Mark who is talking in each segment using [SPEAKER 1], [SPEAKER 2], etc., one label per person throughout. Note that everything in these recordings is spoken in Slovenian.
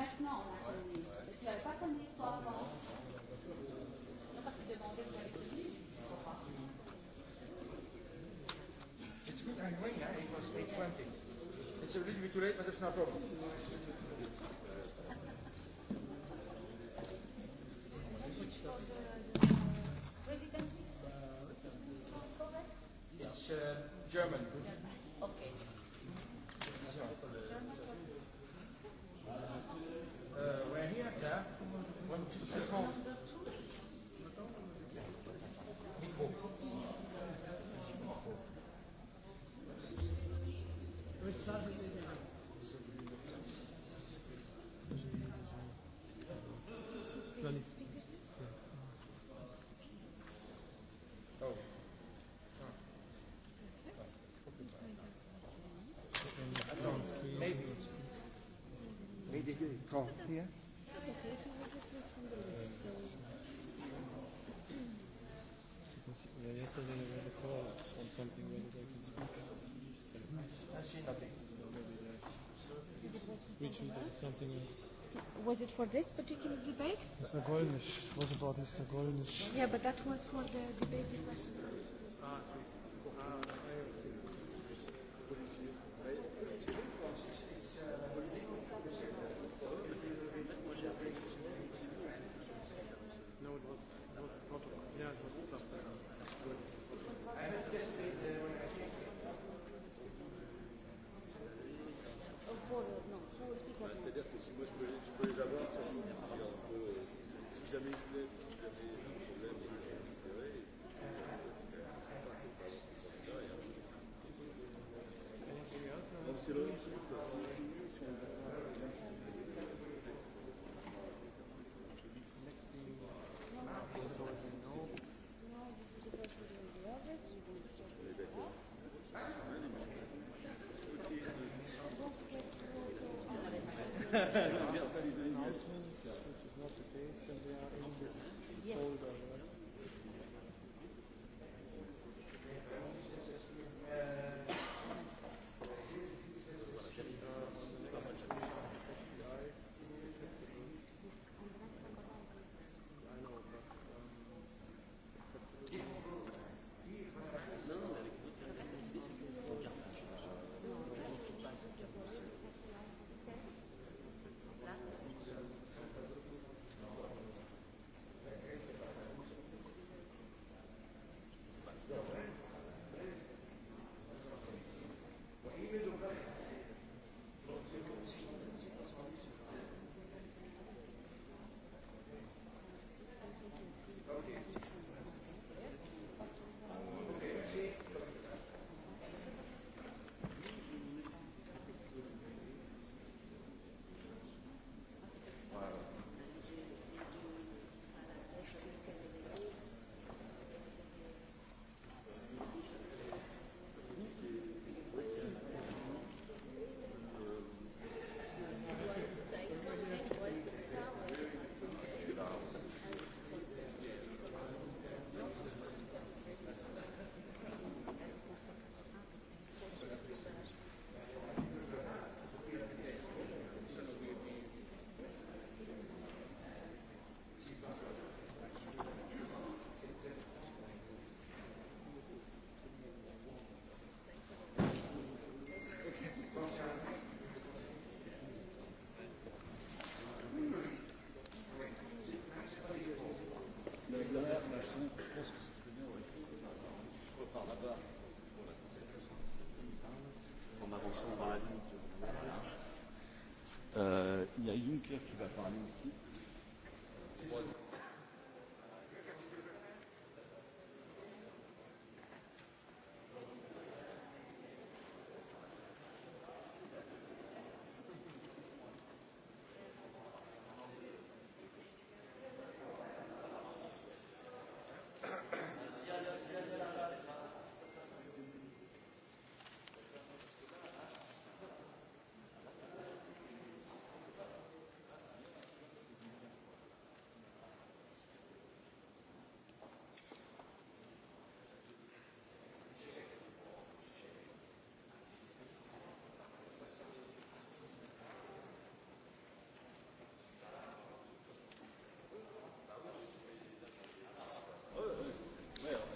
[SPEAKER 1] maintenant en Amazonie. Et tu n'avais pas connu l'histoire avant. Non, parce qu'il demandait que j'avais connu, je ne crois pas. It's good I'm going, I was 8.20. It's a little bit too late, but it's not a problem. It's uh, German. Okay. German. kopije. Was it for this particular debate? Mr. Golnisch. It was about Mr. Golnisch. Yeah, but that was for the debate. Ha, ha, ha. Euh, il euh, y a Juncker qui va parler aussi.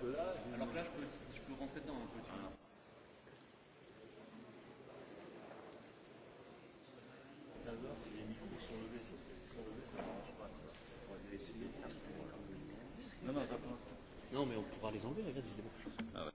[SPEAKER 1] que là. Alors que là, je peux, je peux rentrer dedans un peu. Tu vois. Non, mais on pourra les enlever, regarde, ils se débrouillent. Ah ouais.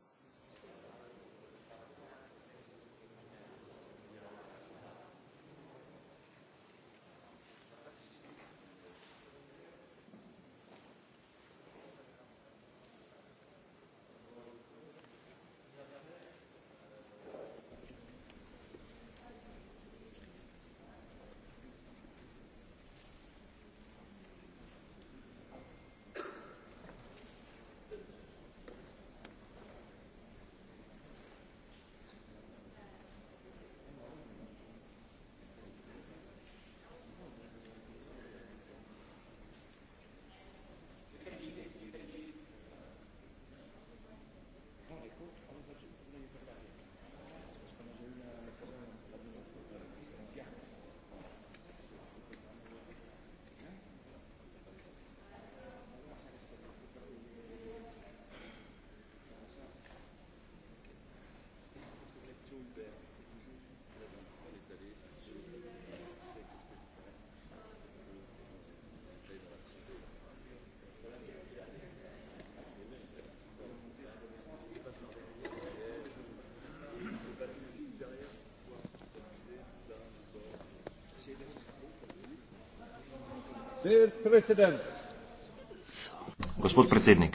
[SPEAKER 1] gospod predsednik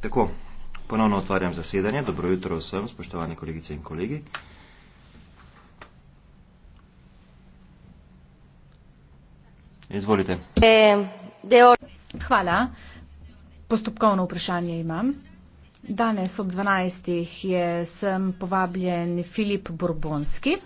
[SPEAKER 1] tako ponovno otvarjam zasedanje dobro jutro vsem spoštovane kolegice in kolegi izvolite eh, hvala Postopkovno vprašanje imam. Danes ob 12. je sem povabljen Filip Borbonski.